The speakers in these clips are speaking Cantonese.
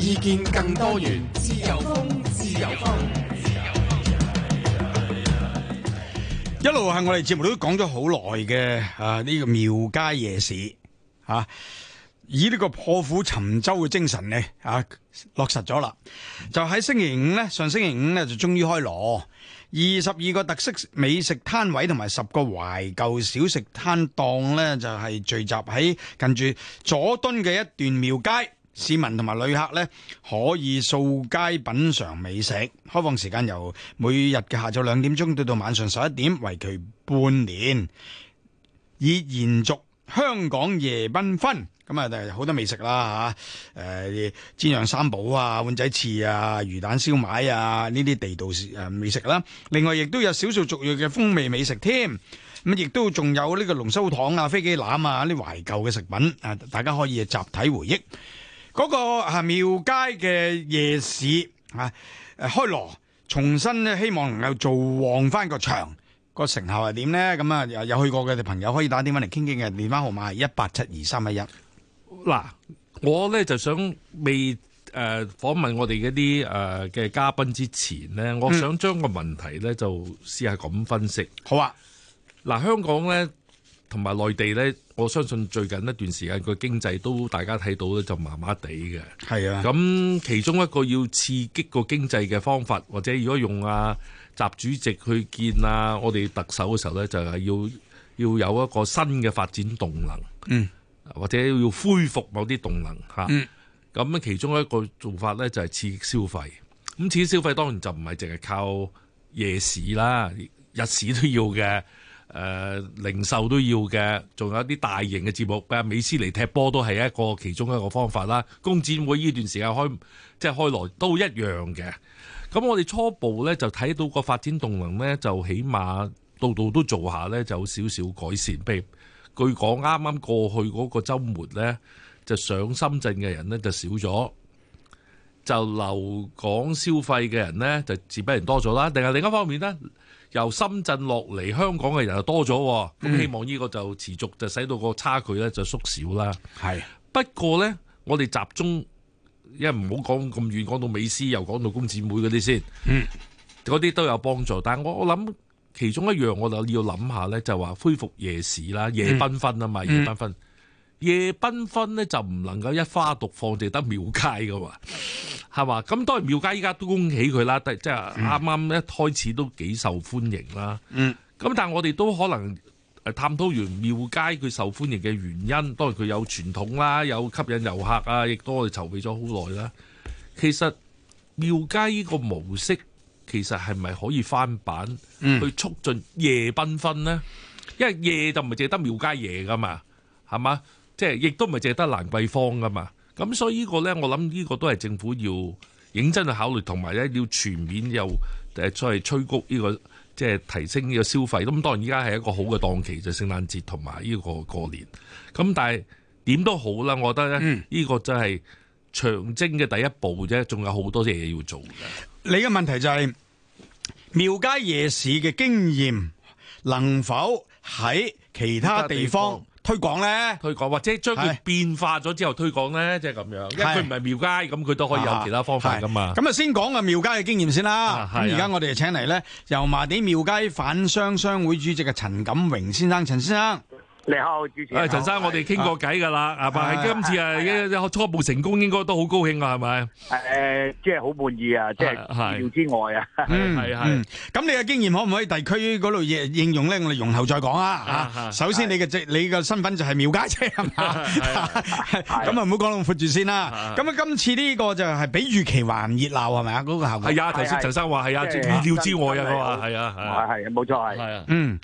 意見更多元，自由風，自由風，自由風，一路係我哋節目都講咗好耐嘅，啊呢個廟街夜市、啊、以呢個破釜沉舟嘅精神呢，啊落實咗啦，就喺星期五呢，上星期五呢，就終於開鑼，二十二個特色美食攤位同埋十個懷舊小食攤檔呢就係聚集喺近住佐敦嘅一段廟街。市民同埋旅客呢，可以掃街品嘗美食，開放時間由每日嘅下晝兩點鐘到到晚上十一點，為期半年，以延續香港夜繽紛。咁啊，好多美食啦吓，誒，煎釀三寶啊，碗仔翅啊，魚蛋燒賣啊，呢啲地道誒美食啦。另外，亦都有少數族裔嘅風味美食添。咁亦都仲有呢個龍鬚糖啊、飛機欖啊，啲懷舊嘅食品，大家可以集體回憶。嗰、那個啊廟街嘅夜市啊，開鑼重新咧，希望能夠做旺翻個場，個成效係點咧？咁啊，有去過嘅朋友可以打電話嚟，傾傾嘅，電話號碼係一八七二三一一。嗱，我咧就想未誒、訪、呃、問我哋嗰啲誒嘅嘉賓之前咧，我想將個問題咧就試下咁分析。好啊，嗱、呃，香港咧，同埋內地呢，我相信最近一段時間個經濟都大家睇到呢，就麻麻地嘅。係啊，咁其中一個要刺激個經濟嘅方法，或者如果用啊習主席去見啊，我哋特首嘅時候呢，就係要要有一個新嘅發展動能，嗯，或者要恢復某啲動能吓。嗯，咁其中一個做法呢，就係刺激消費。咁刺激消費當然就唔係淨係靠夜市啦，日市都要嘅。誒、呃、零售都要嘅，仲有啲大型嘅節目，阿美斯嚟踢波都係一個其中一個方法啦。工展會呢段時間開，即係開來都一樣嘅。咁我哋初步呢，就睇到個發展動能呢，就起碼度度都做下呢，就有少少改善。譬如據講啱啱過去嗰個週末呢，就上深圳嘅人呢，就少咗。就留港消費嘅人呢，就自不然多咗啦。定係另一方面呢，由深圳落嚟香港嘅人又多咗。咁、嗯、希望呢個就持續就使到個差距呢就縮小啦。係。不過呢，我哋集中，因為唔好講咁遠，講到美斯又講到工展會嗰啲先。嗯。嗰啲都有幫助，但係我我諗其中一樣我要想想就要諗下呢，就話恢復夜市啦、夜繽紛啊、嘛，嗯、夜繽紛。夜繽紛咧就唔能夠一花獨放，淨得廟街噶嘛，係嘛？咁當然廟街依家都恭喜佢啦，即係啱啱一開始都幾受歡迎啦。咁、嗯、但係我哋都可能探討完廟街佢受歡迎嘅原因，當然佢有傳統啦，有吸引遊客啊，亦都我哋籌備咗好耐啦。其實廟街呢個模式，其實係咪可以翻版去促進夜繽紛咧？因為夜就唔係淨得廟街夜噶嘛，係嘛？即係亦都唔係淨係得蘭桂坊㗎嘛，咁所以呢個咧，我諗呢個都係政府要認真去考慮，同埋咧要全面又誒再催谷呢個即係提升呢個消費。咁當然依家係一個好嘅檔期，就聖誕節同埋呢個過年。咁但係點都好啦，我覺得咧，呢個、嗯、真係長征嘅第一步啫，仲有好多嘢要做㗎。你嘅問題就係廟街夜市嘅經驗能否喺其他地方？推廣咧，推廣或者將佢變化咗之後推廣咧，即係咁樣，因為佢唔係廟街，咁佢都可以有其他方法噶嘛。咁啊，啊啊那先講下廟街嘅經驗先啦。咁而家我哋就請嚟咧，油麻地廟街販商商會主席嘅陳錦榮先生，陳先生。你好，主持人。誒，陳生，我哋傾過偈噶啦，啊，但係今次啊，初步成功，應該都好高興啊，係咪？誒，即係好滿意啊，即係意料之外啊。係係係。咁你嘅經驗可唔可以地區嗰度應用咧？我哋容後再講啊。吓，首先你嘅職，你嘅身份就係廟街嘅係嘛？咁啊，唔好講咁闊住先啦。咁啊，今次呢個就係比預期還熱鬧係咪啊？嗰個效果。係啊，頭先陳生話係啊，意料之外啊，佢話係啊。係係冇錯係。係啊。嗯。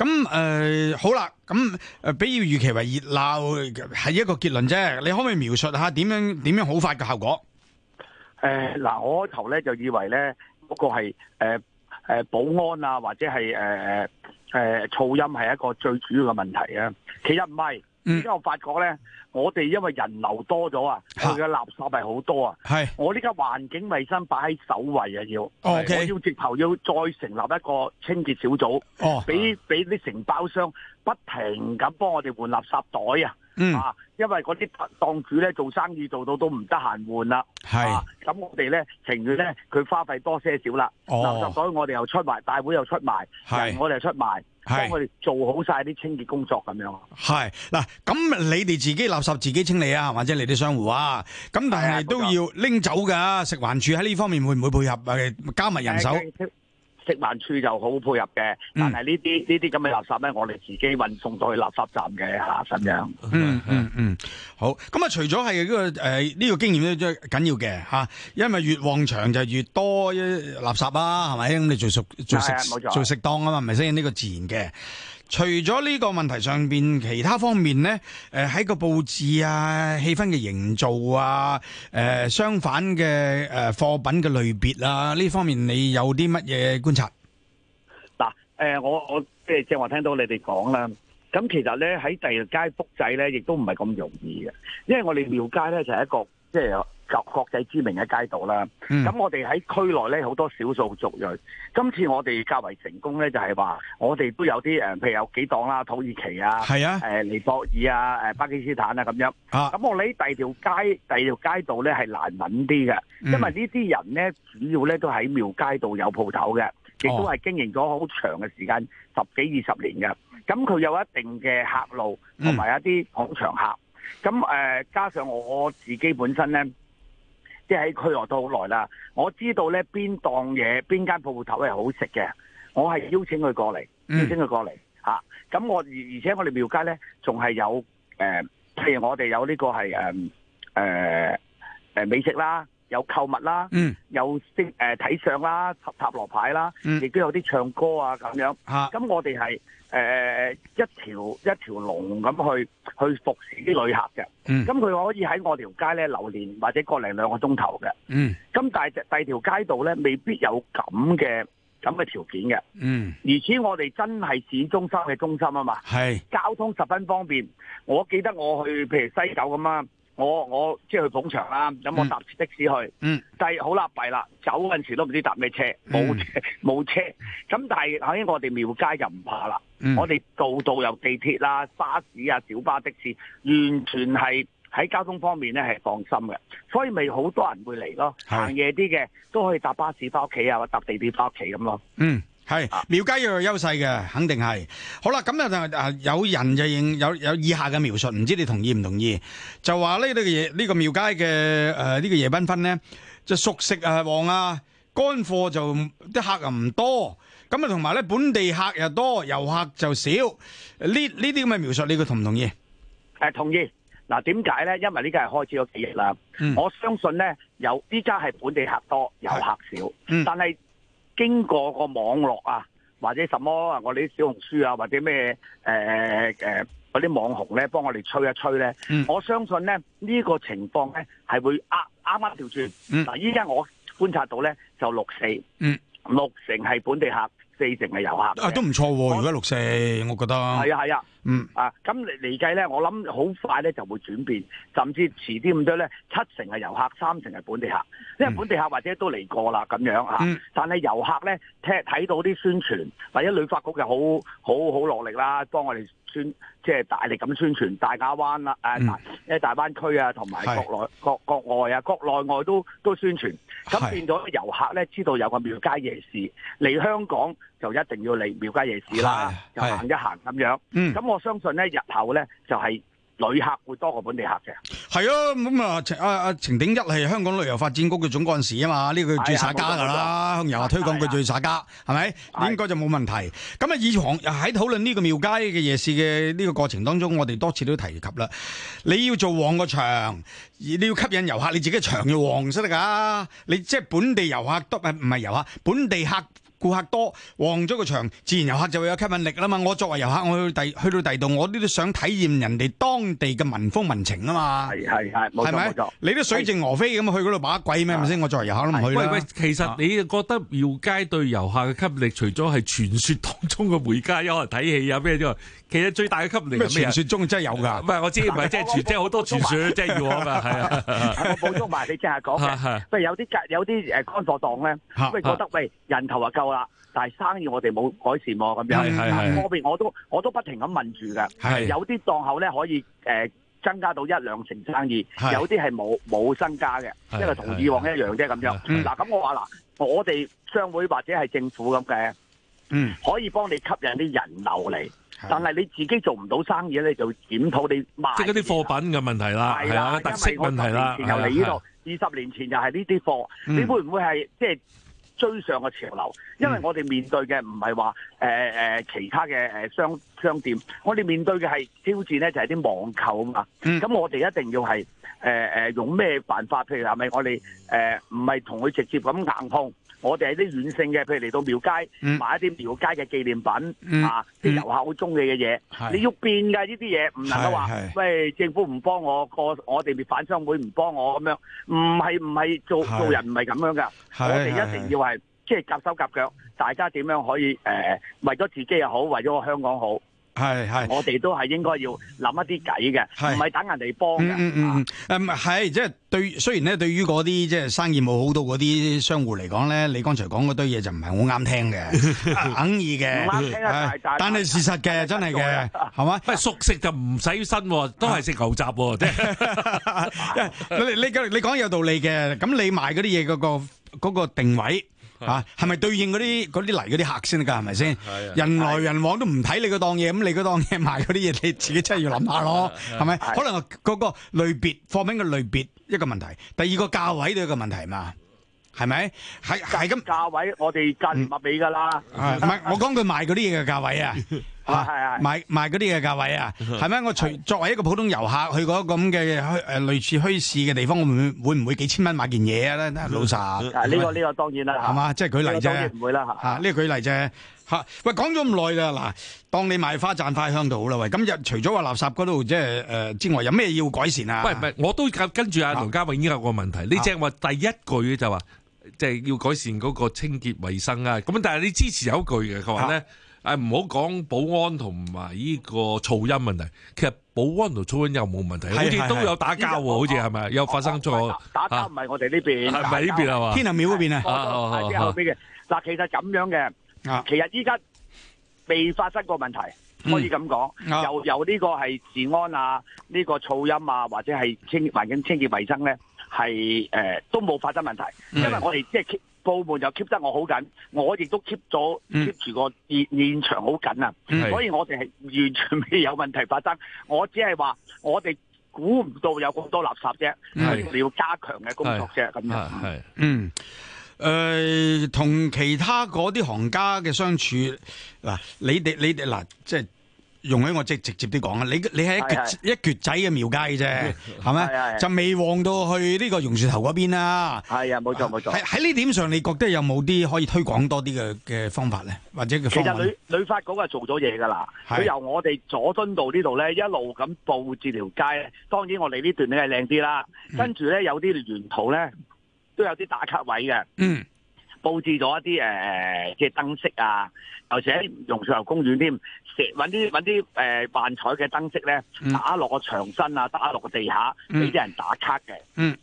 咁誒、呃、好啦，咁誒，比如預期為熱鬧係一個結論啫。你可唔可以描述下點樣點樣好快嘅效果？誒、呃、嗱，我開頭咧就以為咧嗰個係誒保安啊，或者係誒誒噪音係一個最主要嘅問題啊。其實唔係。之、嗯、家我發覺咧，我哋因為人流多咗啊，佢嘅垃圾係好多啊。係，我呢家環境衛生擺喺首位啊，要，okay, 我要直頭要再成立一個清潔小組，俾俾啲承包商不停咁幫我哋換垃圾袋啊、嗯。啊，因為嗰啲檔主咧做生意做到都唔得閒換啦。係，咁、啊、我哋咧情願咧，佢花費多些少啦、哦。垃圾袋我哋又出埋，大會又出埋，我哋又出埋。幫我哋做好晒啲清潔工作咁樣。係，嗱，咁你哋自己垃圾自己清理啊，或者你啲商戶啊，咁但係都要拎走噶。食環署喺呢方面會唔會配合，誒，加埋人手？食環處就好配合嘅，但係呢啲呢啲咁嘅垃圾咧，我哋自己運送到去垃圾站嘅吓，咁樣。嗯嗯嗯，好。咁啊、這個，除咗係呢個誒呢個經驗咧，最緊要嘅吓，因為越旺場就越多一垃圾啊，係咪？咁你最熟最食最適當啊嘛，唔係先呢個自然嘅。除咗呢個問題上邊，其他方面咧，誒、呃、喺個佈置啊、氣氛嘅營造啊、誒、呃、相反嘅誒、呃、貨品嘅類別啊，呢方面你有啲乜嘢觀察？嗱、呃，誒我我即係正話聽到你哋講啦，咁其實咧喺第二街複製咧，亦都唔係咁容易嘅，因為我哋廟街咧就係、是、一個。即係國國際知名嘅街道啦，咁、嗯、我哋喺區內咧好多少數族裔。今次我哋較為成功咧，就係話我哋都有啲譬如有幾檔啦，土耳其啊，啊、呃，尼泊爾啊，巴基斯坦等等啊咁樣。咁我哋喺第二條街第二條街道咧係難揾啲嘅，因為呢啲人咧主要咧都喺廟街道有鋪頭嘅，亦都係經營咗好長嘅時間，十幾二十年嘅。咁佢有一定嘅客路同埋一啲捧場客。咁誒、呃，加上我，我自己本身咧，即係喺區內都好耐啦。我知道咧邊檔嘢、邊間鋪頭係好食嘅，我係邀請佢過嚟，邀請佢過嚟吓、mm. 啊、咁我而而且我哋廟街咧，仲係有誒、呃，譬如我哋有呢個係誒、呃呃、美食啦。有購物啦，嗯、有、呃、睇相啦，塔、塔羅牌啦，亦、嗯、都有啲唱歌啊咁樣。咁、啊、我哋係誒一條一條龍咁去去服侍啲旅客嘅。咁、嗯、佢可以喺我條街咧留連或者個零兩個鐘頭嘅。咁第二條街道咧未必有咁嘅咁嘅條件嘅、嗯。而且我哋真係市中心嘅中心啊嘛。交通十分方便。我記得我去譬如西九咁啊。我我即係去捧場啦，咁我搭的士去，嗯、但係好啦弊啦，走嗰陣時都唔知搭咩車，冇冇車，咁、嗯、但係，喺我哋廟街就唔怕啦，我哋度度有地鐵啦、啊、巴士啊、小巴、的士，完全係喺交通方面咧係放心嘅，所以咪好多人會嚟咯，行夜啲嘅都可以搭巴士翻屋企啊，或搭地鐵翻屋企咁咯。嗯係廟街要有優勢嘅，肯定係。好啦，咁咧就啊有人就認有有以下嘅描述，唔知你同意唔同意？就話呢啲嘅嘢，呢個廟街嘅誒呢個夜繽紛咧，就熟食啊旺啊，乾貨就啲客又唔多，咁啊同埋咧本地客又多，遊客就少。呢呢啲咁嘅描述，你佢同唔同意？誒，同意。嗱，點解咧？因為呢家係開始咗幾日啦，我相信咧有依家係本地客多，遊客少，但係。經過個網絡啊，或者什麼啊，我啲小紅書啊，或者咩誒誒嗰啲網紅咧，幫我哋吹一吹咧、嗯，我相信咧呢個情況咧係會啱啱調轉。嗱、啊、依、啊、家、嗯、我觀察到咧就六四、嗯，六成係本地客。四成嘅遊客啊，都唔錯喎！如果六四，我覺得係啊係啊，嗯啊，咁嚟嚟計咧，我諗好快咧就會轉變，甚至遲啲咁多咧，七成係遊客，三成係本地客，因為本地客或者都嚟過啦咁樣，嗯啊、但係遊客咧睇睇到啲宣傳，或者旅發局又好好好落力啦，幫我哋。宣即係、就是、大力咁宣傳大亞灣啦，誒、嗯、誒、啊、大，大灣區啊，同埋國內國國外啊，國內外都都宣傳，咁變咗遊客咧知道有個廟街夜市，嚟香港就一定要嚟廟街夜市啦，就行一行咁樣。咁我相信咧，日後咧就係、是。旅客會多過本地客嘅，係啊。咁、呃、啊！阿阿程鼎、呃、一係香港旅遊發展局嘅總幹事啊嘛，呢個最耍家㗎啦，又、哎、遊客推廣佢最耍家，係、哎、咪應該就冇問題？咁啊，以往喺討論呢個廟街嘅夜市嘅呢個過程當中，我哋多次都提及啦。你要做旺個場，你要吸引遊客，你自己場要旺先得㗎。你即係本地遊客都唔係遊客本地客。顧客多旺咗個場，自然遊客就會有吸引力啦嘛。我作為遊客，我去第去到第二度，我呢都想體驗人哋當地嘅民風民情啊嘛。係咪？你都水靜鵝飛咁去嗰度把鬼咩？咪先，我作為遊客都唔去。喂喂，其實你覺得廟街對遊客嘅吸引力，除咗係傳説當中嘅回家，有可能睇戲啊咩啲啊，其實最大嘅吸引力係咩？傳説中真係有㗎。唔係，我知唔係即係好多傳説即係要啊嘛。我補充埋你正話講嘅，即係有啲有啲誒乾貨檔咧，咁覺得喂人頭啊夠。但係生意我哋冇改善喎、啊，咁樣嗰邊我都我都不停咁問住嘅，有啲檔口咧可以、呃、增加到一兩成生意，有啲係冇冇增加嘅，即係同以往一樣啫咁樣。嗱咁、嗯啊、我話嗱，我哋商會或者係政府咁嘅，嗯，可以幫你吸引啲人流嚟，但係你自己做唔到生意咧，你就檢討你賣。即係啲貨品嘅問題啦，係啦、啊，特色問題啦，二十年前又嚟呢度，二十年前又係呢啲貨，你會唔會係即係？就是追上個潮流，因為我哋面對嘅唔係話誒誒其他嘅誒商商店，我哋面對嘅係挑戰咧就係啲網購啊嘛，咁我哋一定要係誒誒用咩辦法？譬如係咪我哋誒唔係同佢直接咁硬碰？我哋係啲軟性嘅，譬如嚟到廟街、嗯、買一啲廟街嘅紀念品，嗯、啊，啲、嗯、遊客好中意嘅嘢，你要變㗎呢啲嘢，唔能夠話，喂，政府唔幫我，個我哋販商會唔幫我咁樣，唔係唔係做做人唔係咁樣㗎，我哋一定要係即係夾手夾腳，大家點樣可以誒、呃，為咗自己又好，為咗個香港好。係係，我哋都係應該要諗一啲計嘅，唔係等人哋幫嘅。嗯嗯嗯，誒，係即係對，雖然咧，對於嗰啲即係生意冇好到嗰啲商戶嚟講咧，你剛才講嗰堆嘢就唔係好啱聽嘅，梗易嘅，唔啱聽啊！但係事實嘅，真係嘅，係嘛？咁熟食就唔使新，都係食牛雜。你你講你講有道理嘅，咁你賣嗰啲嘢嗰個嗰個定位。啊，係咪對應嗰啲嗰啲嚟嗰啲客先㗎？係咪先？人來人往都唔睇你嗰檔嘢，咁你嗰檔嘢賣嗰啲嘢，你自己真係要諗下囉。係咪？可能嗰個類別貨品嘅類別一個問題，第二個價位都一個問題嘛，係咪？係係咁。價位我哋唔密俾㗎啦。唔係，我講佢賣嗰啲嘢嘅價位啊。 係、啊、係買買嗰啲嘅價位啊，係 咪？我除作為一個普通遊客去嗰咁嘅誒類似墟市嘅地方，我會會唔會幾千蚊買件嘢咧？ 老實實說，呢、 啊啊這個呢、這個當然啦，係、啊、嘛，即係舉例啫，唔、啊這個、會啦，吓、啊、呢、啊啊這個舉例啫。吓、啊、喂，講咗咁耐噶啦，當你賣花讚花香就好啦，喂，咁除咗話垃圾嗰度即係誒之外，有咩要改善啊？喂，喂我都跟住阿梁家栢呢個問題，啊、你即係話第一句就話即係要改善嗰個清潔衛生啊？咁但係你支持有一句嘅，佢話咧。啊啊誒，唔好講保安同埋呢個噪音問題，其實保安同噪音又冇問題，好似都有打交喎，好似係咪？又、啊、發生咗打交唔係我哋呢邊，係咪呢邊啊？天后廟嗰邊啊？即後邊嘅嗱，其實咁樣嘅，其實依家未發生過問題，可以咁講。由由呢個係治安啊，呢、這個噪音啊，或者係清潔，環境清潔衛生咧，係誒、呃、都冇發生問題，嗯、因為我哋即係。就是部門就 keep 得我好緊，我亦都 keep 咗 keep 住個現現場好緊啊、嗯，所以我哋係完全未有問題發生。我只係話我哋估唔到有咁多垃圾啫，我、嗯、哋要加強嘅工作啫咁樣。係，嗯，誒、嗯，同、呃、其他嗰啲行家嘅相處，嗱、啊，你哋你哋嗱，即、啊、係。即係容許我即係直接啲講啊！你你係一一橛仔嘅廟街啫，係咪？就未旺到去呢個榕樹頭嗰邊啦。係啊，冇錯冇錯。喺喺呢點上，你覺得有冇啲可以推廣多啲嘅嘅方法咧？或者嘅方法？其實旅旅發局係做咗嘢㗎啦。佢由我哋佐敦道呢度咧，一路咁佈置條街。當然我哋呢段咧係靚啲啦。跟住咧有啲沿途咧都有啲打卡位嘅。嗯。佈置咗一啲誒即係燈飾啊，尤其是喺榕樹頭公園添。搵啲揾啲誒幻彩嘅燈飾咧，嗯，打落個牆身啊，打落個地下，俾啲人打卡嘅。嗯，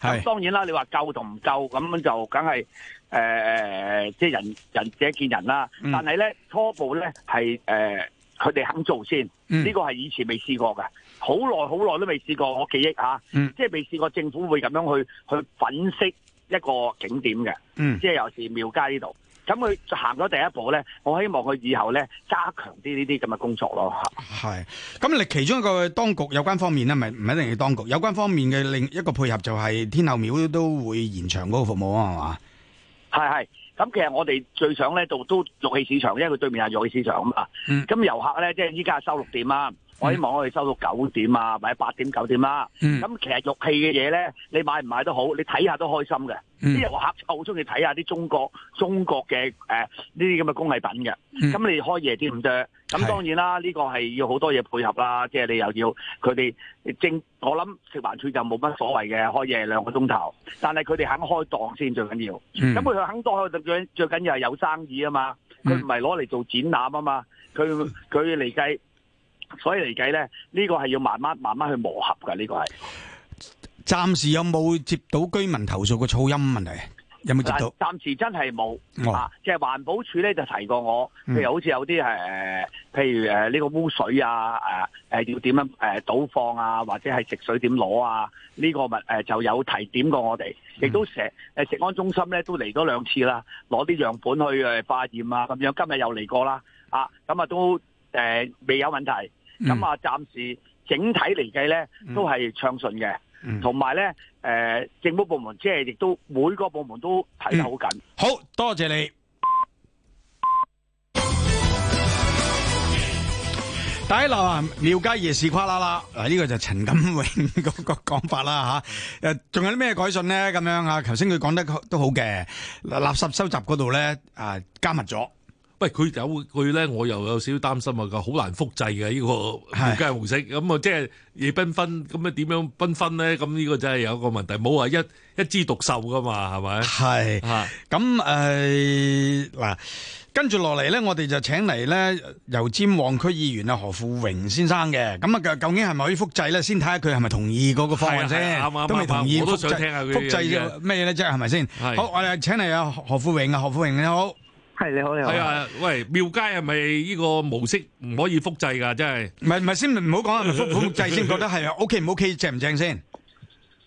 咁、嗯、當然啦，你話夠同唔夠，咁樣就梗係、呃、即係人人者見人啦。嗯、但係咧初步咧係佢哋肯做先。呢個係以前未試過嘅，好耐好耐都未試過。我記憶嚇、啊嗯，即係未試過政府會咁樣去去粉飾一個景點嘅。即係尤其是廟街呢度。咁佢行咗第一步咧，我希望佢以後咧加強啲呢啲咁嘅工作咯。係，咁你其中一個當局有關方面咧，唔係一定係當局有關方面嘅另一個配合、就係，就係天后廟都會延長嗰個服務啊，係嘛？係係，咁其實我哋最想咧，就都玉器市場，因為佢對面係玉器市場啊嘛。咁、嗯、遊客咧，即係依家收六點啦。我希望可以收到九點啊，或者八點九點啦，啊。咁、嗯、其實玉器嘅嘢咧，你買唔買都好，你睇下都開心嘅。呢、嗯、遊客好中意睇下啲中國中國嘅誒呢啲咁嘅工藝品嘅。咁、嗯、你開夜添咁，嗯、當然啦，呢、這個，係要好多嘢配合啦。即、就、係、是、你又要佢哋，正我諗食環署就冇乜所謂嘅開夜兩個鐘頭。但係佢哋肯開檔先最緊要。咁、嗯、佢肯開檔最最緊要係有生意啊嘛。佢唔係攞嚟做展覽啊嘛。佢佢嚟計。所以嚟計咧，呢、這個係要慢慢慢慢去磨合㗎。呢、這個係暫時有冇接到居民投訴嘅噪音問題？有冇接到？暫時真係冇、哦、啊！即係環保署咧就提過我，譬如好似有啲係、呃，譬如呢、呃這個污水啊，呃、要點樣倒放啊，或者係食水點攞啊？呢、這個咪就有提點過我哋，亦、嗯、都成食安中心咧都嚟咗兩次啦，攞啲樣本去誒化驗啊咁樣。今日又嚟過啦，啊咁啊都未、呃、有問題。咁、嗯、啊，暫時整體嚟計咧，都係暢順嘅，同埋咧，誒、嗯呃，政府部門即係亦都每個部門都睇得好緊。嗯、好多謝你， 大家留意廟街夜市垮啦啦！嗱、啊，呢、這個就陳錦榮嗰個講法啦嚇，誒，仲有啲咩改進咧？咁樣啊，頭先佢講得都好嘅，垃圾收集嗰度咧啊，加密咗。喂，佢有句咧，我又有少少擔心啊！佢好難複製嘅呢個互雞模式，咁啊，即係夜繽紛，咁啊點樣繽紛咧？咁呢個真係有一個問題，冇話一一枝獨秀㗎嘛，係咪？係。咁誒嗱，跟住落嚟咧，我哋就請嚟咧由油尖旺區議員啊何富榮先生嘅。咁啊，究竟係咪可以複製咧？先睇下佢係咪同意嗰個方案先。啱唔啱啊？都同意。我都想聽下佢嘅。複製咩咧？即係係咪先？好，我哋請嚟啊何富榮啊何富榮你好。係你好，你好。係啊，喂，廟街係咪呢個模式唔可以複製噶？真係。唔係唔係，先唔好講啊，唔係複製先，覺得係 O K 唔 O K，正唔正先？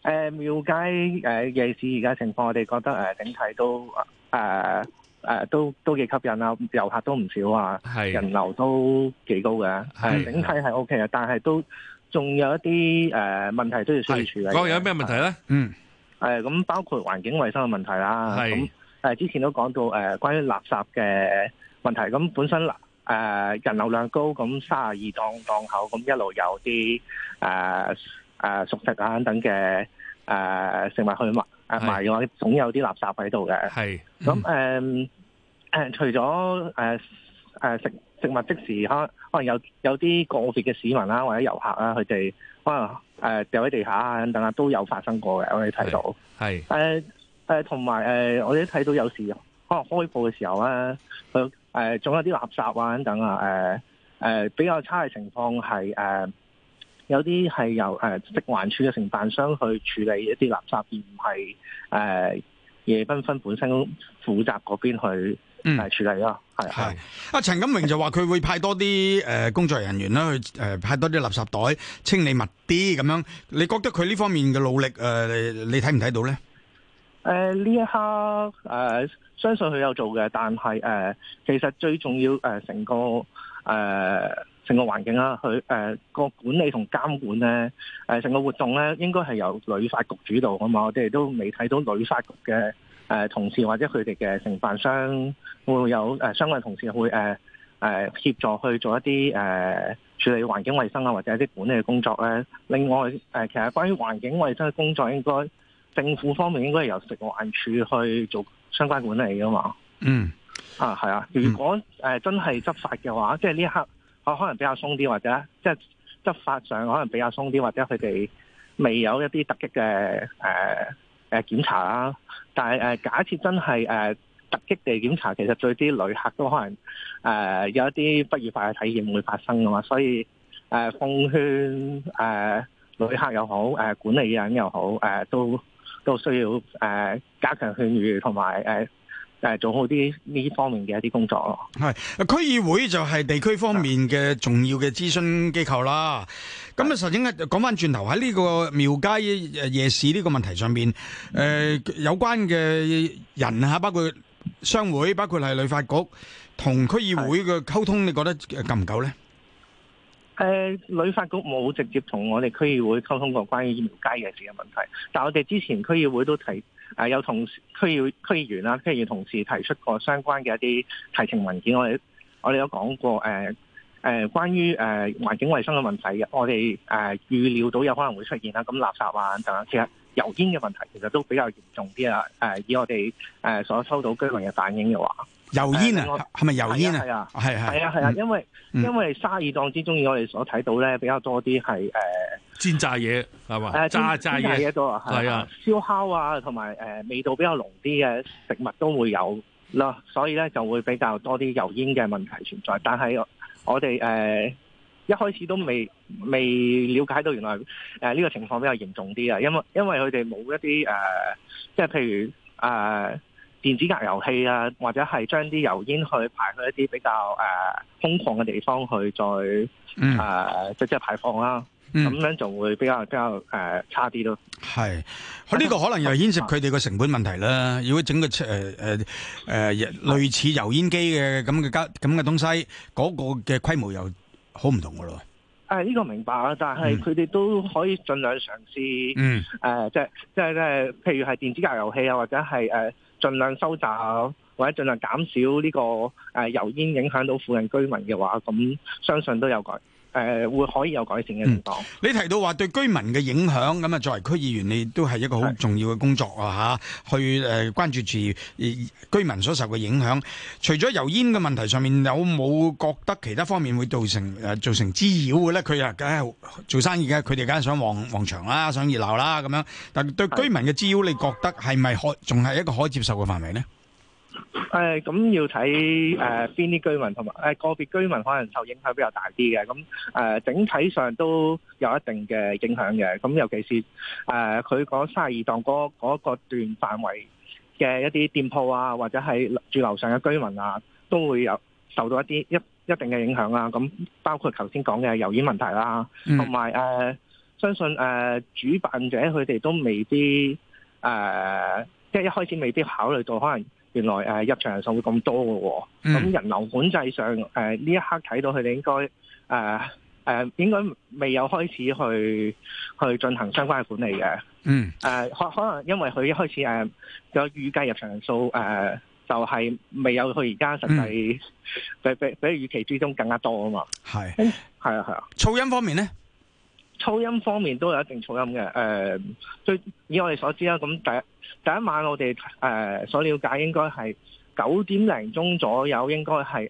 誒，廟街誒夜市而家情況，我哋覺得誒整體都誒誒都都幾吸引啊，遊客都唔少啊，人流都幾高嘅，整體係 O K 啊，但係都仲有一啲誒問題需要需要處理。講有咩問題咧？嗯，誒，咁包括環境衛生嘅問題啦。係。誒之前都講到誒關於垃圾嘅問題，咁本身嗱誒人流量高，咁三十二檔檔口，咁一路有啲誒誒熟食啊等嘅誒、呃、食物去埋啊埋，嘅話總有啲垃圾喺度嘅。係咁誒誒，除咗誒誒食食物，即時可能可能有有啲個別嘅市民啦、啊，或者遊客啦、啊，佢哋可能誒掉喺地下啊等等啊，都有發生過嘅，我哋睇到係誒。誒同埋誒，我哋睇到有時可能開鋪嘅時候咧，佢誒仲有啲垃圾啊等啊，誒、呃呃、比較差嘅情況係誒、呃、有啲係由誒、呃、環署嘅承辦商去處理一啲垃圾，而唔係誒夜奔分，分本身負責嗰邊去誒、呃、處理咯。係、嗯、係啊，陳金榮就話佢會派多啲誒、呃、工作人員啦，去誒派多啲垃圾袋清理密啲咁樣。你覺得佢呢方面嘅努力誒、呃，你睇唔睇到咧？誒、呃、呢一刻誒、呃，相信佢有做嘅，但係誒、呃，其實最重要誒，成、呃、個誒成、呃、個環境啊，佢誒個管理同監管咧，誒、呃、成個活動咧，應該係由旅發局主導，咁嘛？我哋都未睇到旅發局嘅誒、呃、同事或者佢哋嘅承辦商會有誒相關同事會誒誒、呃、協助去做一啲誒、呃、處理環境衛生啊或者一啲管理嘅工作咧。另外、呃、其實關於環境衛生嘅工作應該。政府方面應該係由食環署去做相關管理㗎嘛。嗯，啊係啊。如果誒、呃、真係執法嘅話，即係呢一刻，可可能比較鬆啲，或者即係執法上可能比較鬆啲，或者佢哋未有一啲突擊嘅誒誒檢查啦。但係誒、呃、假設真係誒、啊、突擊地檢查，其實對啲旅客都可能誒、呃、有一啲不愉快嘅體驗會發生㗎嘛。所以誒奉勸誒旅客又好，誒、呃、管理人又好，誒、呃、都。都需要誒、呃、加強勸喻同埋誒做好啲呢方面嘅一啲工作咯。係區議會就係地區方面嘅重要嘅諮詢機構啦。咁啊，實際啊，講翻轉頭喺呢個廟街夜市呢個問題上面誒、呃、有關嘅人啊，包括商會，包括係旅發局同區議會嘅溝通，你覺得夠唔夠咧？誒、呃，旅、呃、發局冇直接同我哋區議會溝通過關於廟街嘅事嘅問題，但係我哋之前區議會都提，誒、呃、有同區議區員啦、區議,員區議員同事提出過相關嘅一啲提呈文件，我哋我哋有講過誒誒、呃呃、關於誒、呃、環境衛生嘅問題嘅，我哋誒、呃、預料到有可能會出現啦，咁垃圾啊等等，其實油煙嘅問題其實都比較嚴重啲啦誒以我哋誒所收到居民嘅反映嘅話。油煙啊，係咪油煙啊？係啊，係係啊，係啊，啊，啊，啊，啊，因為、嗯、因為沙二檔之中，以我哋所睇到咧比較多啲係誒煎炸嘢，係嘛，是炸炸嘢嘢多係啊，燒、啊啊、烤啊，同埋誒味道比較濃啲嘅食物都會有啦，所以咧就會比較多啲油煙嘅問題存在。但係我哋誒、呃、一開始都未未了解到原來誒呢個情況比較嚴重啲啊，因為因為佢哋冇一啲誒、呃、即係譬如誒。呃電子隔油器啊，或者係將啲油煙去排去一啲比較誒空曠嘅地方去再誒、嗯呃、即係排放啦、啊。咁、嗯、樣就會比較比較誒、呃、差啲咯、啊。係，佢、這、呢個可能又牽涉佢哋個成本問題啦。如果整個誒誒誒類似油煙機嘅咁嘅家咁嘅東西，嗰、那個嘅規模又好唔同嘅咯。啊、呃，呢、這個明白啊，但係佢哋都可以盡量嘗試。嗯。誒、呃，即係即係咧、呃，譬如係電子隔油器啊，或者係誒。呃盡量收集，或者盡量減少呢個誒油煙影響到附近居民嘅話，咁相信都有改。誒、呃、會可以有改善嘅程度。你提到話對居民嘅影響咁啊，作為區議員，你都係一個好重要嘅工作的啊！嚇，去、呃、誒關注住、呃、居民所受嘅影響。除咗油煙嘅問題上面，有冇覺得其他方面會造成誒造成滋擾嘅咧？佢又梗係做生意嘅，佢哋梗係想旺旺場啦，想熱鬧啦咁樣。但對居民嘅滋擾的，你覺得係咪可仲係一個可以接受嘅範圍呢？誒、哎,咁、嗯、要睇誒邊啲居民同埋誒個別居民可能受影響比較大啲嘅,咁、嗯、誒、呃、整體上都有一定嘅影響嘅。咁、嗯、尤其是誒佢嗰卅二檔嗰嗰個段範圍嘅一啲店鋪啊,或者係住樓上嘅居民啊,都會有受到一啲一一定嘅影響啦、啊。咁、嗯嗯、包括頭先講嘅油煙問題啦,同埋誒相信誒、呃、主辦者佢哋都未必誒即係一開始未必考慮到可能。原來誒入場人數會咁多嘅喎，咁、嗯、人流管制上誒呢一刻睇到佢哋應該誒誒、呃、應該未有開始去去進行相關嘅管理嘅，嗯誒可、呃、可能因為佢一開始誒有、呃、預計入場人數、呃、就係、是、未有佢而家實際比、嗯、比比預期之中更加多啊嘛，係係啊係啊，噪音方面咧？噪音方面都有一定噪音嘅，誒、呃，最以，以我哋所知啦，咁第一第一晚我哋誒、呃、所了解應該係九點零鐘左右應該係，應該係誒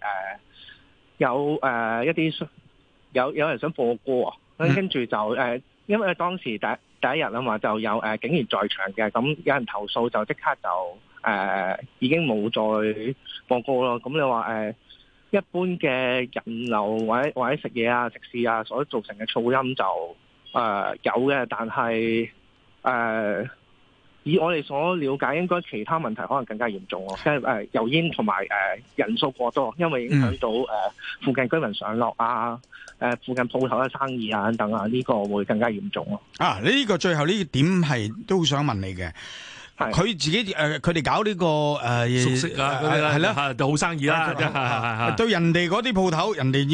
有誒、呃、一啲有有人想播歌，啊。跟住就誒，因為當時第第一日啊嘛，就有誒警員在場嘅，咁有人投訴就即刻就誒、呃、已經冇再播歌咯，咁你話誒？呃一般嘅人流或者或者食嘢啊、食肆啊所造成嘅噪音就誒、呃、有嘅，但係誒、呃、以我哋所了解，應該其他問題可能更加嚴重咯，即係誒油煙、同埋誒人數過多，因為影響到誒、呃、附近居民上落啊、誒、呃、附近鋪頭嘅生意啊等等啊，呢、這個會更加嚴重咯。啊，呢、這個最後呢點係都好想問你嘅。佢自己誒，佢哋搞呢個誒，熟食啊，係啦，做好生意啦，對人哋嗰啲鋪頭，人哋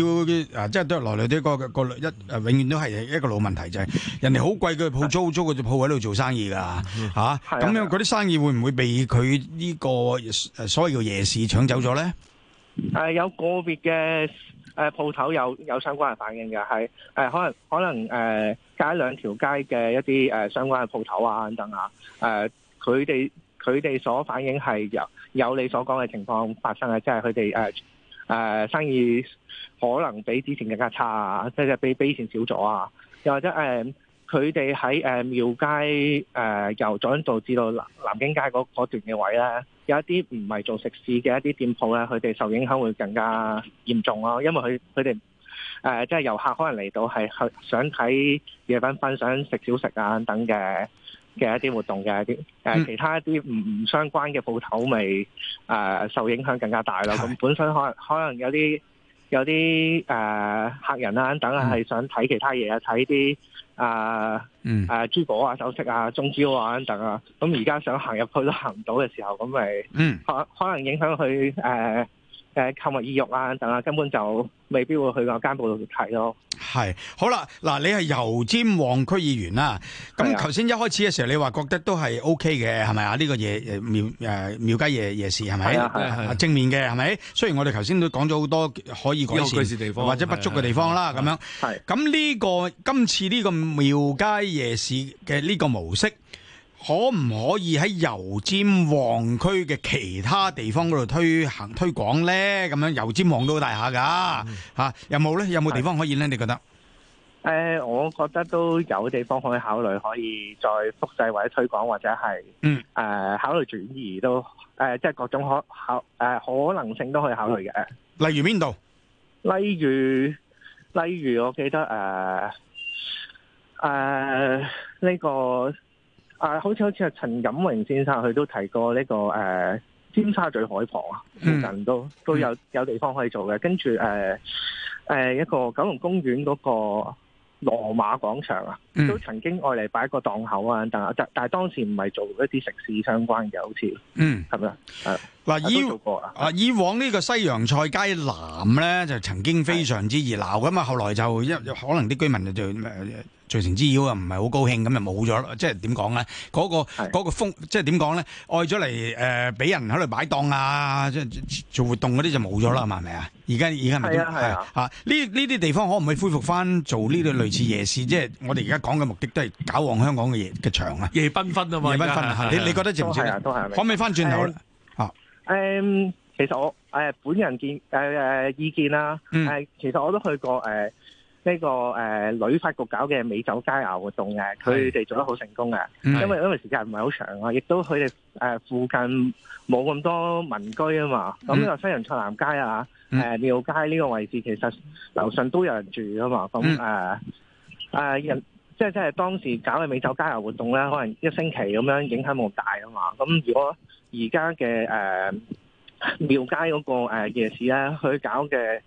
要啊，即係都來來都個個一誒，永遠都係一個老問題就係，人哋好貴嘅鋪租，租嗰啲鋪喺度做生意噶嚇，咁樣嗰啲生意會唔會被佢呢個誒所謂嘅夜市搶走咗咧？誒，有個別嘅誒鋪頭有有相關嘅反應嘅，係誒，可能可能誒街兩條街嘅一啲誒相關嘅鋪頭啊等等啊誒。佢哋佢哋所反映係有有你所講嘅情況發生，即係佢哋生意可能比之前更加差啊，即係比比以前少咗啊，又或者佢哋喺廟街誒由佐敦道至到南，南京街嗰段嘅位咧，有一啲唔係做食肆嘅一啲店鋪咧，佢哋受影響會更加嚴重咯，因為佢佢哋即係遊客可能嚟到係去想睇夜繽紛想食小食啊等嘅。嘅一啲活動嘅一啲誒，其他一啲唔唔相關嘅鋪頭，咪、呃、誒受影響更加大咯。咁本身可能可能有啲有啲誒、呃、客人啊等是、呃嗯、啊，係想睇其他嘢啊，睇啲啊誒珠寶啊、首飾啊、鐘錶啊等啊。咁而家想行入去都行唔到嘅時候，咁咪可可能影響佢誒。呃誒，購物、意欲啊等啊，根本就未必會去嗰間舖度睇咯。係，好啦，嗱，你係油尖旺區議員啦、啊。咁、啊，頭先一開始嘅時候，你話覺得都係 O K 嘅，係咪、這個、啊？呢個夜誒廟誒廟街夜夜市係咪？係係、啊啊、正面嘅係咪？雖然我哋頭先都講咗好多可以、改善、地方，或者不足嘅地方啦，咁、啊啊、樣。係、啊。咁呢、啊這個今次呢個廟街夜市嘅呢個模式。可唔可以喺油尖旺區嘅其他地方嗰度推行推廣呢？咁樣油尖旺都好大下㗎，吓、嗯啊、有冇呢，有冇地方可以呢？你覺得？誒、呃，我覺得都有地方可以考慮，可以再複製或者推廣，或者係嗯誒、呃、考慮轉移都誒、呃，即係各種可考誒、呃、可能性都可以考慮嘅。例如邊度？例如，例如我記得誒誒呢個。啊，好似好似阿陳錦榮先生，佢都提過呢、呢個誒、啊、尖沙咀海旁啊，附近都都有有地方可以做嘅。跟住誒誒一個九龍公園嗰個羅馬廣場啊，都曾經愛嚟擺個檔口、嗯、是是啊，但但但係當時唔係做一啲食肆相關嘅，好似嗯係咪啊？嗱、啊，以啊以往呢個西洋菜街南咧，就曾經非常之熱鬧咁啊，後來就一可能啲居民就誒。呃聚成之妖又唔係好高興，咁就冇咗咯。即係點講咧？嗰、那個嗰、那個、風，即係點講咧？愛咗嚟誒，俾、呃、人喺度擺檔啊，即係做活動嗰啲就冇咗啦，係、嗯、咪啊？而家而家咪都係呢呢啲地方可唔可以恢復翻做呢個類似夜市？嗯、即係我哋而家講嘅目的都係搞旺香港嘅夜嘅場啊！夜繽紛啊嘛！夜繽紛啊！你你覺得值唔值得都是、啊都是啊？可唔可以翻轉頭啊？誒，其實我誒、呃、本人見誒誒、呃、意見啦、啊。誒、呃，其實我都去過誒。呃呢、這個誒旅發局搞嘅美酒佳肴活動嘅，佢哋做得好成功嘅，因為因為時間唔係好長啊，亦都佢哋誒附近冇咁多民居啊嘛，咁呢個西洋菜南街啊，誒、嗯、廟、呃、街呢個位置其實樓上都有人住啊嘛，咁誒誒人即係即係當時搞嘅美酒佳肴活動咧，可能一星期咁樣影響冇大啊嘛，咁如果而家嘅誒廟街嗰、那個、呃、夜市咧，佢搞嘅。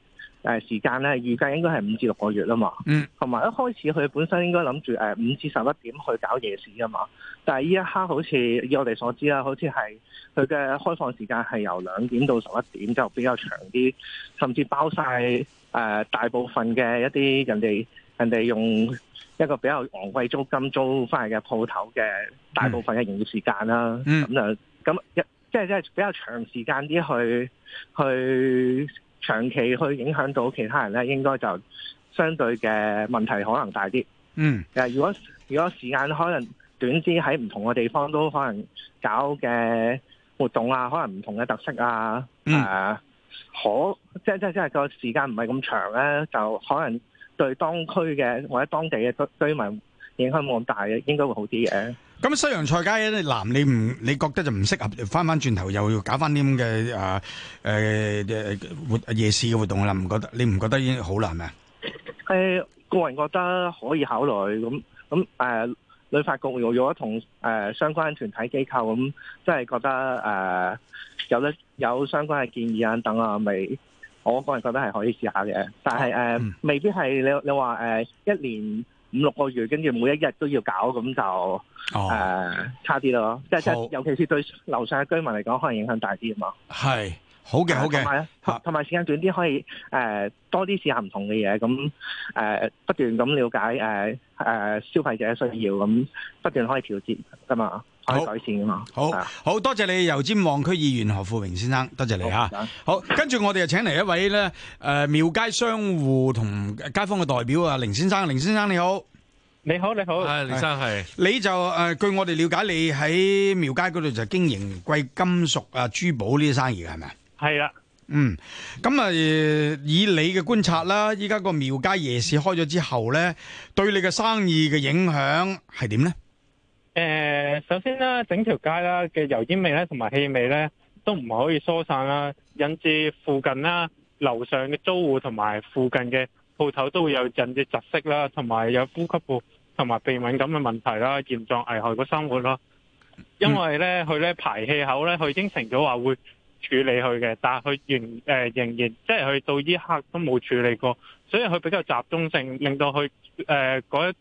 誒時間咧，預計應該係五至六個月啦嘛，嗯，同埋一開始佢本身應該諗住誒五至十一點去搞夜市噶嘛，但係呢一刻好似以我哋所知啦，好似係佢嘅開放時間係由兩點到十一點，就比較長啲，甚至包晒誒、呃、大部分嘅一啲人哋人哋用一個比較昂貴租金租翻嚟嘅鋪頭嘅大部分嘅營業時間啦，嗯，咁、嗯、啊，咁一即係即係比較長時間啲去去。去長期去影響到其他人咧，應該就相對嘅問題可能大啲。嗯，如果如果時間可能短啲，喺唔同嘅地方都可能搞嘅活動啊，可能唔同嘅特色啊，嗯，啊，可即即即係個時間唔係咁長咧，就可能對當區嘅或者當地嘅居居民影響冇咁大嘅，應該會好啲嘅。咁西洋菜街咧難，你唔你覺得就唔適合翻翻轉頭又要搞翻啲咁嘅啊，誒誒活夜市嘅活動啦？唔覺得？你唔覺得已經好難咩？係、呃、個人覺得可以考慮咁咁誒、旅、嗯、發、呃、局如果同誒相關團體機構咁，即、嗯、係覺得誒、呃、有得有相關嘅建議啊等啊，咪我個人覺得係可以試下嘅。但係誒、呃嗯、未必係你你話誒、呃、一年。五六個月，跟住每一日都要搞，咁就、oh. 呃、差啲咯。即係即係，oh. 尤其是對樓上嘅居民嚟講，可能影響大啲啊嘛。係，好嘅，好嘅。同埋，同埋時間短啲，可以、呃、多啲試下唔同嘅嘢，咁、呃、不斷咁了解、呃呃、消費者嘅需要，咁不斷可以調節噶嘛。好好，好多謝你，油尖旺區議員何富榮先生，多謝你啊！好，跟住我哋就請嚟一位咧，誒、呃，廟街商戶同街坊嘅代表啊，凌先生，凌先生你好，你好你好，係凌生係？你就誒、呃，據我哋了解，你喺廟街嗰度就經營貴金屬啊珠寶呢啲生意嘅係咪？係啦，嗯，咁啊、呃，以你嘅觀察啦，依家個廟街夜市開咗之後咧，對你嘅生意嘅影響係點咧？誒，首先啦，整條街啦嘅油煙味咧，同埋氣味咧，都唔可以疏散啦，引致附近啦，樓上嘅租戶同埋附近嘅鋪頭都會有陣嘅窒息啦，同埋有呼吸部同埋鼻敏感嘅問題啦，嚴重危害個生活咯。因為咧，佢咧排氣口咧，佢應承咗話會處理佢嘅，但係佢仍誒仍然即係去到呢一刻都冇處理過，所以佢比較集中性，令到佢誒嗰一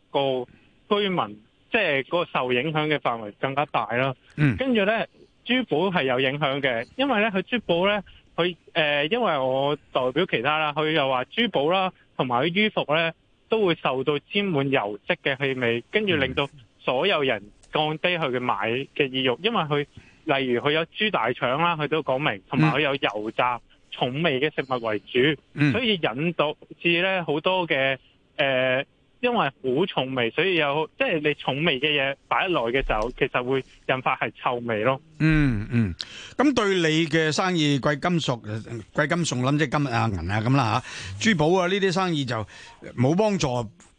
個居民。即係個受影響嘅範圍更加大啦。嗯，跟住咧，珠寶係有影響嘅，因為咧佢珠寶咧，佢誒、呃，因為我代表其他啦，佢又話珠寶啦，同埋佢衣服咧，都會受到沾滿油漬嘅氣味，跟住令到所有人降低佢嘅買嘅意欲，因為佢例如佢有豬大腸啦，佢都講明，同埋佢有油炸重味嘅食物為主，所以引導至咧好多嘅誒。呃因為好重味，所以有即係你重味嘅嘢擺得耐嘅時候，其實會引發係臭味咯。嗯嗯，咁對你嘅生意貴金屬、貴金屬諗即係金啊銀啊咁啦吓，珠寶啊呢啲生意就冇幫助，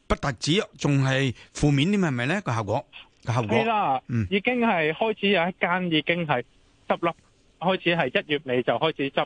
不特止，仲係負面添，係咪咧個效果？個效果係啦，嗯，已經係開始有一間已經係執笠，開始係一月尾就開始執。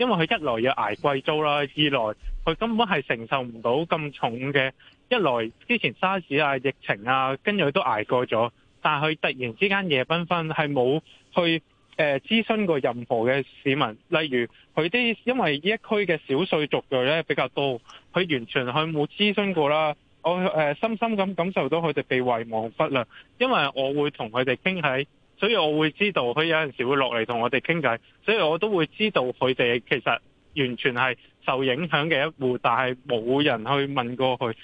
因為佢一來要捱貴租啦，二來佢根本係承受唔到咁重嘅。一來之前沙士啊、疫情啊，跟住佢都捱過咗，但係佢突然之間夜繽紛，係冇去誒諮詢過任何嘅市民。例如佢啲，因為呢一區嘅少數族裔咧比較多，佢完全佢冇諮詢過啦。我誒深深咁感受到佢哋被遺忘忽略，因為我會同佢哋傾偈。所以我會知道佢有陣時會落嚟同我哋傾偈，所以我都會知道佢哋其實完全係受影響嘅一戶，但係冇人去問過佢，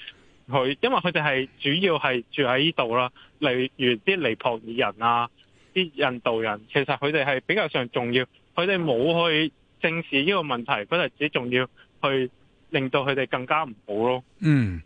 佢因為佢哋係主要係住喺呢度啦，例如啲尼泊爾人啊，啲印度人，其實佢哋係比較上重要，佢哋冇去正視呢個問題，反而只仲要去令到佢哋更加唔好咯。嗯。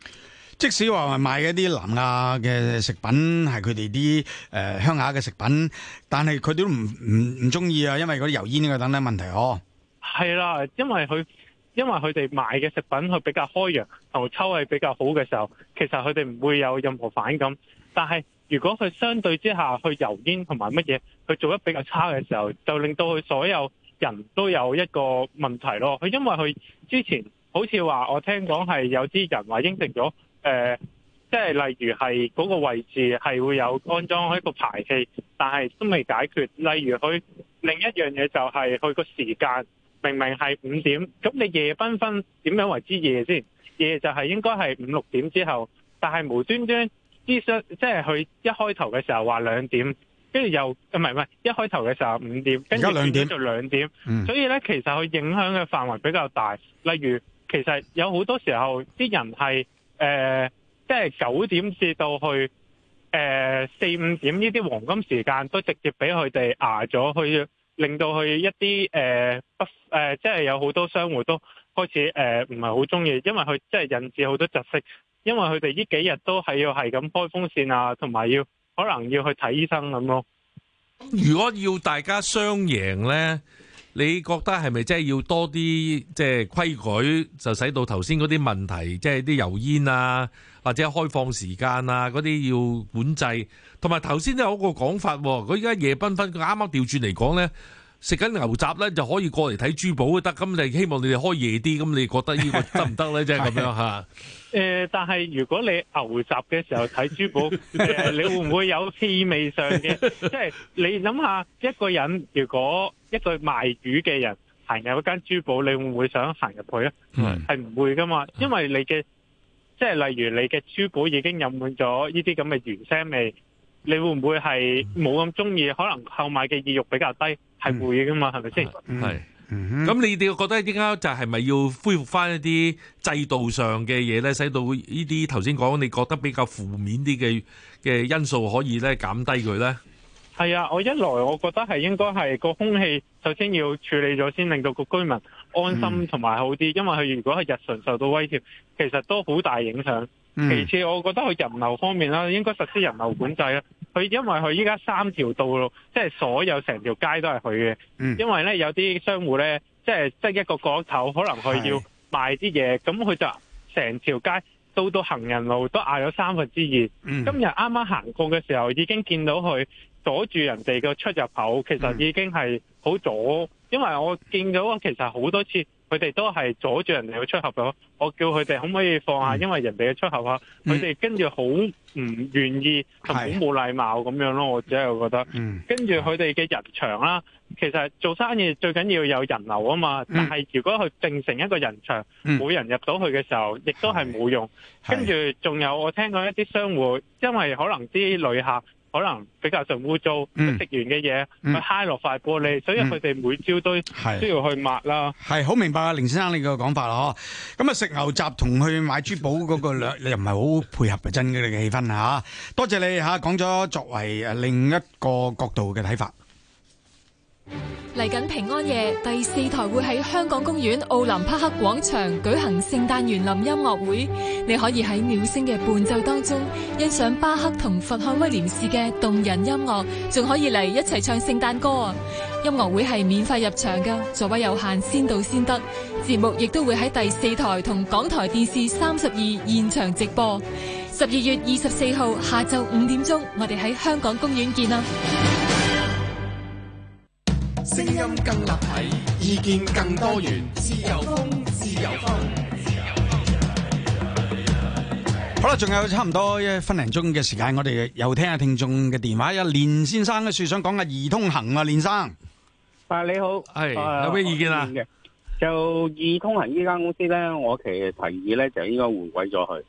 即使話賣一啲南亞嘅食品，係佢哋啲誒鄉下嘅食品，但係佢都唔唔唔中意啊，因為嗰啲油煙呢個等等問題。啊。我係啦，因為佢因為佢哋賣嘅食品佢比較開揚，同抽係比較好嘅時候，其實佢哋唔會有任何反感。但係如果佢相對之下去油煙同埋乜嘢，佢做得比較差嘅時候，就令到佢所有人都有一個問題咯。佢因為佢之前好似話，我聽講係有啲人話應承咗。誒、呃，即係例如係嗰個位置係會有安裝一個排氣，但係都未解決。例如佢另一樣嘢就係佢個時間，明明係五點，咁你夜繽紛點樣為之夜先？夜就係應該係五六點之後，但係無端端啲即係佢一開頭嘅時候話兩點，跟住又唔係唔係一開頭嘅時候五點，跟住兩點就兩點，所以咧其實佢影響嘅範圍比較大。例如其實有好多時候啲人係。誒、呃，即係九點至到去誒四五點呢啲黃金時間都直接俾佢哋挨咗去，令到佢一啲誒不誒，即係有好多商戶都開始誒唔係好中意，因為佢即係引致好多窒息，因為佢哋呢幾日都係要係咁開風扇啊，同埋要可能要去睇醫生咁咯。如果要大家雙贏咧？你覺得係咪真係要多啲即係規矩，就使到頭先嗰啲問題，即係啲油煙啊，或者開放時間啊嗰啲要管制，同埋頭先都有，有個講法，佢依家夜繽紛啱啱調轉嚟講咧。剛剛食緊牛雜咧，就可以過嚟睇珠寶都得。咁你希望你哋開夜啲，咁你覺得個行行呢個得唔得咧？即係咁樣吓。誒、呃，但係如果你牛雜嘅時候睇珠寶， 你會唔會有氣味上嘅？即、就、係、是、你諗下，一個人如果一個賣魚嘅人行入一間珠寶，你會唔會想行入去啊？係 唔會噶嘛，因為你嘅 即係例如你嘅珠寶已經入滿咗呢啲咁嘅魚腥味，你會唔會係冇咁中意？可能購買嘅意欲比較低。係會噶嘛，係咪先？係，咁、嗯、你哋覺得點解？就係咪要恢復翻一啲制度上嘅嘢咧，使到呢啲頭先講你覺得比較負面啲嘅嘅因素可以咧減低佢咧？係啊，我一來我覺得係應該係個空氣首先要處理咗先，令到個居民安心同埋好啲、嗯。因為佢如果係日常受到威脅，其實都好大影響、嗯。其次，我覺得佢人流方面啦，應該實施人流管制啊。佢因為佢依家三條道路，即係所有成條街都係佢嘅。因為咧有啲商戶咧，即係即係一個角頭，可能佢要賣啲嘢，咁佢、嗯、就成條街到到行人路都嗌咗三分之二。嗯、今日啱啱行過嘅時候，已經見到佢阻住人哋嘅出入口，其實已經係好阻、嗯。因為我見到其實好多次。佢哋都係阻住人哋嘅出口咯，我叫佢哋可唔可以放下，嗯、因為人哋嘅出口啊，佢哋跟住好唔願意同好冇禮貌咁樣咯，我真係覺得。嗯、跟住佢哋嘅入牆啦，其實做生意最緊要有人流啊嘛，嗯、但係如果佢淨剩一個人牆、嗯，冇人入到去嘅時候，亦都係冇用。跟住仲有，我聽過一啲商戶，因為可能啲旅客。可能比較上污糟，食完嘅嘢，佢揩落塊玻璃，嗯、所以佢哋每朝都需要去抹啦。係好明白啊，凌先生你嘅講法咯，咁啊食牛雜同去買珠寶嗰個你 又唔係好配合嘅真嘅你嘅氣氛嚇。多謝你嚇講咗作為另一個角度嘅睇法。嚟緊平安夜，第四台會喺香港公園奧林匹克廣場舉行聖誕園林音樂會，你可以喺妙聲嘅伴奏當中欣賞巴赫同佛漢威廉士嘅動人音樂，仲可以嚟一齊唱聖誕歌啊！音樂會係免費入場噶，座位有限，先到先得。節目亦都會喺第四台同港台電視三十二現場直播。十二月二十四號下晝五點鐘，我哋喺香港公園見啦！音更立體，意見更多元，自由風，自由風，自由風。好啦，仲有差唔多一分零鐘嘅時間，我哋又聽下聽眾嘅電話。有連先生嘅，想講下易通行啊，連生。啊，你好，係有咩意見啊？就易通行呢間公司咧，我其實提議咧就應該換鬼咗佢。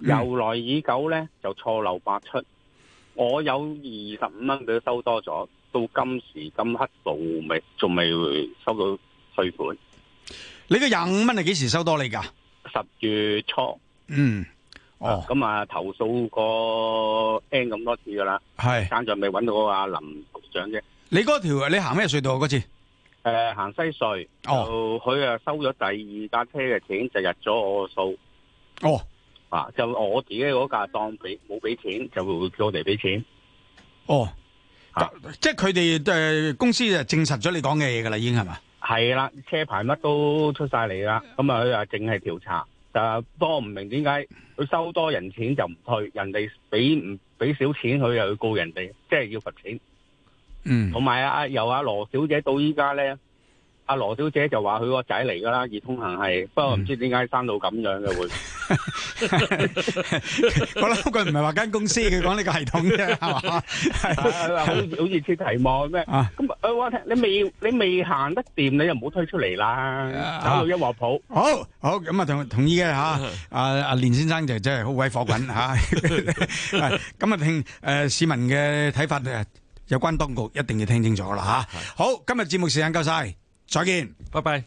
由來已久咧，就錯漏百出。我有二十五蚊，佢收多咗。到今時今刻，都未仲未收到退款？你個廿五蚊係幾時收到你噶？十月初。嗯。哦。咁啊，那投訴過 N 咁多次噶啦。係。但仲未搵到個阿林局長啫。你嗰條你行咩隧道嗰，啊、次？誒、呃，行西隧。哦。佢啊收咗第二架車嘅錢，就入咗我個數。哦。啊，就我自己嗰架當俾冇俾錢，就會叫我哋俾錢。哦。即係佢哋誒公司就證實咗你講嘅嘢噶啦，已經係嘛？係啦，車牌乜都出晒嚟啦。咁啊，佢啊淨係調查，但係多唔明點解佢收多人錢就唔退，人哋俾唔俾少錢佢又要告人哋，即係要罰錢。嗯。同埋阿由阿羅小姐到依家咧。阿羅小姐就話佢個仔嚟噶啦易通行係，不過唔知點解生到咁樣嘅會。我諗佢唔係話間公司，佢講呢個系統啫，係嘛？係啊，好似好似設題目咁樣。咁啊，我聽你未，你未行得掂，你又唔好推出嚟啦。搞到一鑊粥，好好咁啊，同同意嘅吓。阿阿零先生就真係好鬼火滾吓。咁啊聽誒市民嘅睇法誒，有關當局一定要聽清楚啦吓。好，今日節目時間夠晒。再見，拜拜。